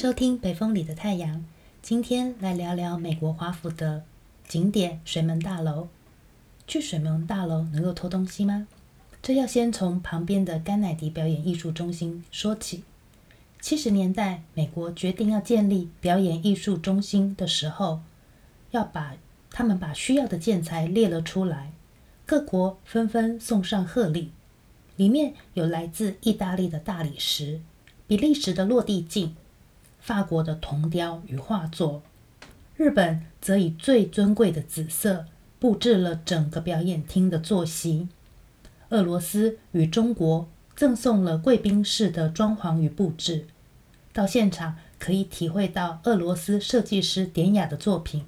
收聽北風裡的太陽。今天來聊聊美國華府的景點水門大樓。去水門大樓能夠偷東西嗎？這要先從旁邊的甘迺迪表演藝術中心說起。七十年代美國決定要建立表演藝術中心的時候，要把他們把需要的建材列了出來，各國紛紛送上賀禮，裡面有來自意大利的大理石、比利時的落地鏡。法國的銅雕與畫作，日本則以最尊貴的紫色佈置了整個表演廳的坐席。俄羅斯與中國贈送了貴賓室的裝潢與佈置，到現場可以體會到俄羅斯設計師典雅的作品。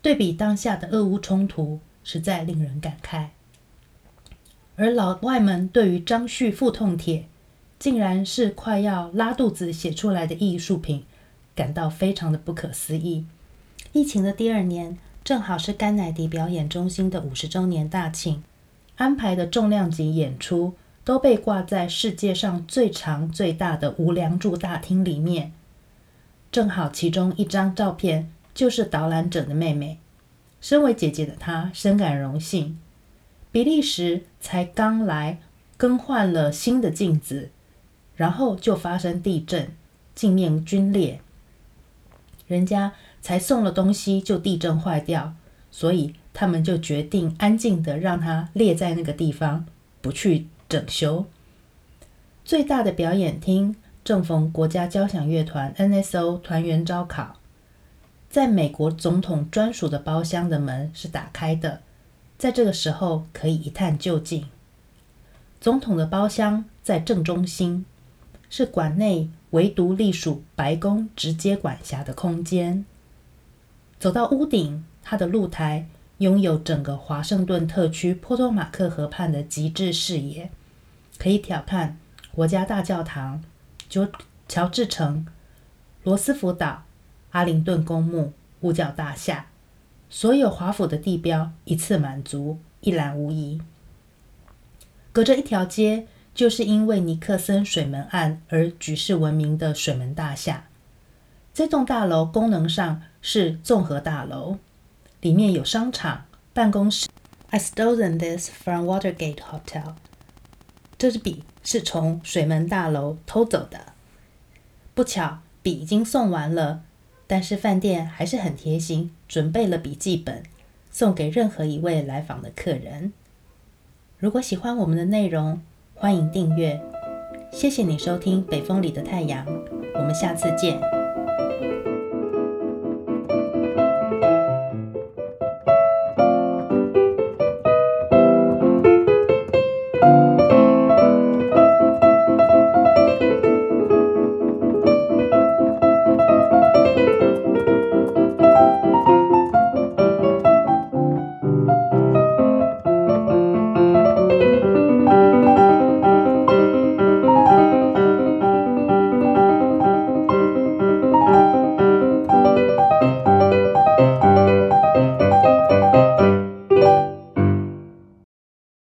對比當下的俄烏衝突，實在令人感慨。而老外們對於張旭腹痛帖。竟然是快要拉肚子寫出來的藝術品，感到非常的不可思議。疫情的第二年，正好是甘迺迪表演中心的五十週年大慶，安排的重量級演出都被掛在世界上最長最大的無樑柱大廳裡面。正好其中一張照片就是導覽者的妹妹，身為姐姐的她深感榮幸。比利時才剛來，更換了新的鏡子。然後就發生地震，鏡面龜裂。人家才送了東西，就地震壞掉，所以他們就決定安靜地讓它裂在那個地方，不去整修。最大的表演廳正逢國家交響樂團 （NSO） 團員招考，在美國總統專屬的包廂的門是打開的，在這個時候可以一探究竟。總統的包廂在正中心，是館內唯獨隸屬白宮直接管轄的空間。走到屋頂，它的露台擁有整個華盛頓特區、波多馬克河畔的極致視野，可以眺看國家大教堂、喬喬治城、羅斯福島、阿靈頓公墓、五角大廈，所有華府的地標一次滿足，一覽無遺。隔着一條街，就是因為尼克森水門案而舉世聞名的水門大廈。這棟大樓功能上是綜合大樓，裡面有商場、辦公室。I stolen this from Watergate Hotel。這支筆是從水門大樓偷走的。不巧，筆已經送完了，但是飯店還是很貼心，準備了筆記本送給任何一位來訪的客人。如果喜歡我們的內容，歡迎訂閱，謝謝你收聽《北風裡的太陽》，我們下次見。